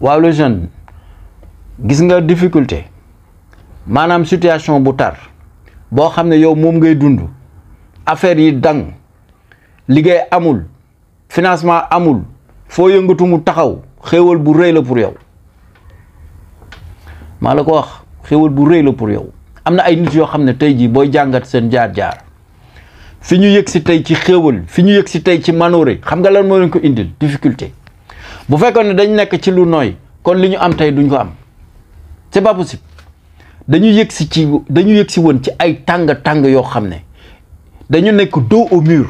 waaw le jeune gis nga difficulté maanaam situation bu tar boo xam ne yow moom ngay dund affaire yi dang liggéey amul financement amul foo yëngatu mu taxaw xéewal bu rëy la pour yow maa la ko wax xéewal bu rëy la pour yow am na ay nit yoo xam ne tey jii booy jàngat seen jaar-jaar fi ñu yëg si tey ci xéewal fi ñu yëg si tey ci manoore xam nga lan moo leen ko indil difficulté bu fekkoon ne dañ nekk ci lu nooy kon li ñu am tey duñ ko am c'est pas si dañu yëg si ci dañu yëg si woon ci ay tàng-tàng yoo xam ne dañu nekk doo au mur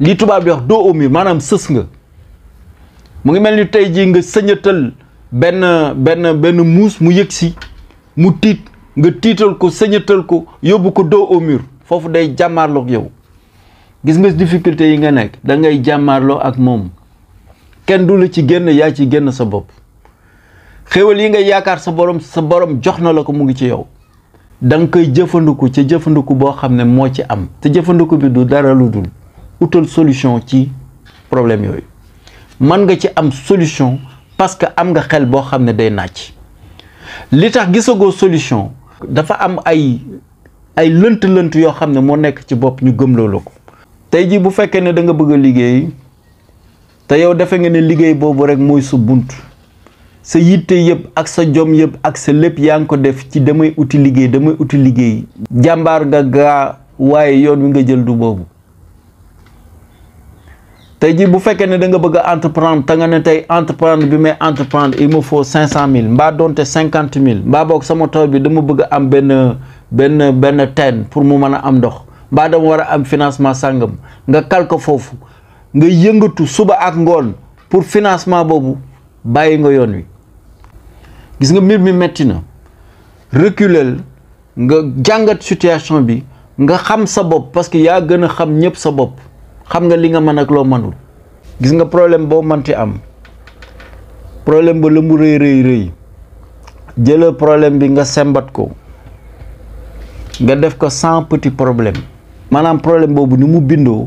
lii tubaab yoo doo dos maanaam sës nga mu ngi mel ni tey jii nga sëñatal benn benn benn muus mu yëg si mu tiit nga tiital ko sëñatal ko yóbbu ko doo au foofu day jàmmaarloog yow gis nga difficulté yi nga nekk da ngay jàmmaarloo ak moom kenn du la ci génn yaa ci génn sa bopp xéwal yi nga yaakaar sa borom sa borom jox na la ko mu ngi ci yow da nga koy jëfandiku ci jëfandiku boo xam ne moo ci am te jëfandiku bi du dara utal solution ci problème yooyu mën nga ci am solution parce que am nga xel boo xam ne day nàcc li tax gisagoo solution dafa am ay ay lënt-lënt yoo xam ne moo nekk ci bopp ñu gëm loolu ko tey jii bu fekkee ne da nga bëgg a liggéey te yow defe nga ne liggéey boobu rek mooy sa bunt sa yitte yëpp ak sa jom yëpp ak sa lépp yaa ngi ko def ci damay uti liggéey damay uti liggéey jàmbaar nga gaa waaye yoon wi nga jël du boobu te jii bu fekkee ne da nga bëgg a entreprendre te nga ne tey entreprendre bi may entreprendre il me faut cinq cent mille mbaa doonte cinquante mille mbaa boog sama tool bi dama bëgg am benn benn benn teen pour mu mën a am ndox mbaa dama war a am financement sàngam nga kal ko foofu nga yëngatu suba ak ngol pour financement bobu baye nga yoon wi gis nga mbir mi metti na reculer nga jangat situation bi nga xam sa bop parce que ya gëna xam ñëpp sa bop xam nga li nga man ak lo manul gis nga problème man ti am problème bo la mu rëy rëy jël jëla problème bi nga sembat ko nga def ko sans petit problème manam problème bobu ni mu bindoo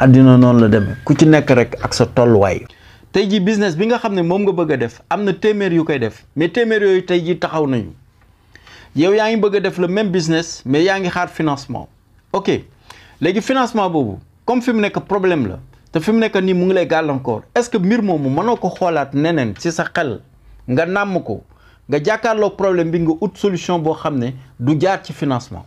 àddina noonu la demee ku ci nekk rek ak sa tolluwaay. tey jii business bi nga xam ne moom nga bëgg a def am na téeméer yu koy def mais téeméer yooyu tey jii taxaw nañu yow yaa ngi bëgg def la même business mais yaa ngi xaar financement ok léegi financement boobu comme fi mu nekk problème la te fi mu nekk nii mu ngi lay gàllankoor est-ce que mbir moomu mënoo ko xoolaat neneen ci sa xel nga nàmm ko nga jàkkaarloo problème bi nga ut solution boo xam ne du jaar ci financement.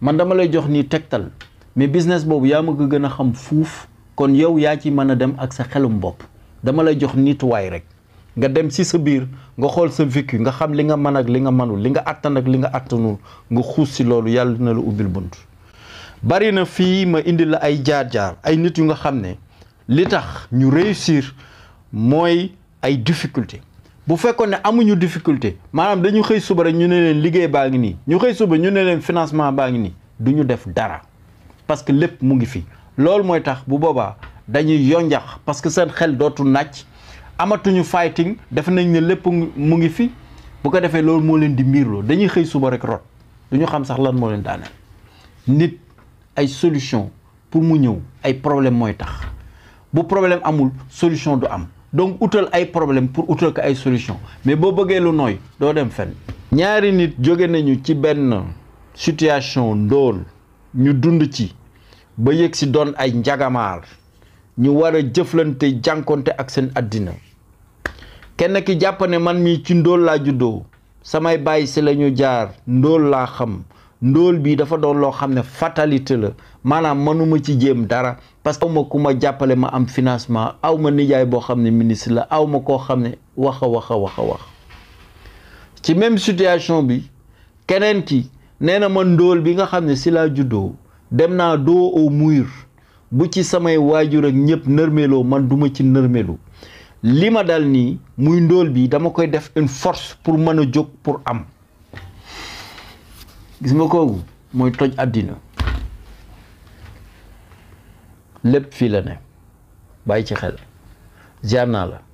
man dama lay jox nii tegtal mais business boobu yaa ma ko gën a xam fuuf kon yow yaa ci mën a dem ak sa xelum bopp dama lay jox nituwaay rek nga dem si sa biir nga xool sa vécu nga xam li nga mën ak li nga mënul li nga attan ak li nga attanul nga xuus si loolu yàlla na la ubbil bunt bari na fii ma indi la ay jaar-jaar ay nit yu nga xam ne li tax ñu réussir mooy ay difficulté bu fekkoon ne amuñu difficulté maanaam dañu xëy suba rek ñu ne leen liggéey baa ngi nii ñu xëy suba ñu ne leen financement baa ngi nii du ñu def dara parce que lépp mu ngi fi loolu mooy tax bu boobaa dañuy yonjax parce que seen xel dootu nàcc amatuñu fighting def nañ ne lépp mu ngi fi bu ko defee loolu moo leen di miirloo dañuy xëy suba rek rot du ñu xam sax lan moo leen daaneel nit ay solution pour mu ñëw ay problème mooy tax bu problème amul solution du am donc utal ay problème pour utal ko ay solution mais boo bëggee lu nooy doo dem fenn ñaari nit jóge nañu ci benn situation ndóol ñu dund ci ba yëg si doon ay njagamaar ñu war a jëflante jànkonte ak seen àddina kenn ki jàpp ne man mi ci ndóol laa juddoo samay bàyyi si la jaar ndóol laa xam ndool bi dafa doon loo xam ne fatalité la maanaam mënuma ci jéem dara parce que ma ku ma jàppale ma am financement aw ma nijaay boo xam ne ministre la awma koo xam ne wax a wax a wax a wax ci même situation bi keneen ki nee na ma ndool bi nga xam ne si laa juddoo dem naa doo au mur bu ci samay waajur ak ñëpp nërmeloo man duma ci nërmelu li ma dal nii muy ndool bi dama koy def une force pour mën a jóg pour am gis nga kooku mooy toj àddina lépp fii la ne bàyyi ci xel ziar naa la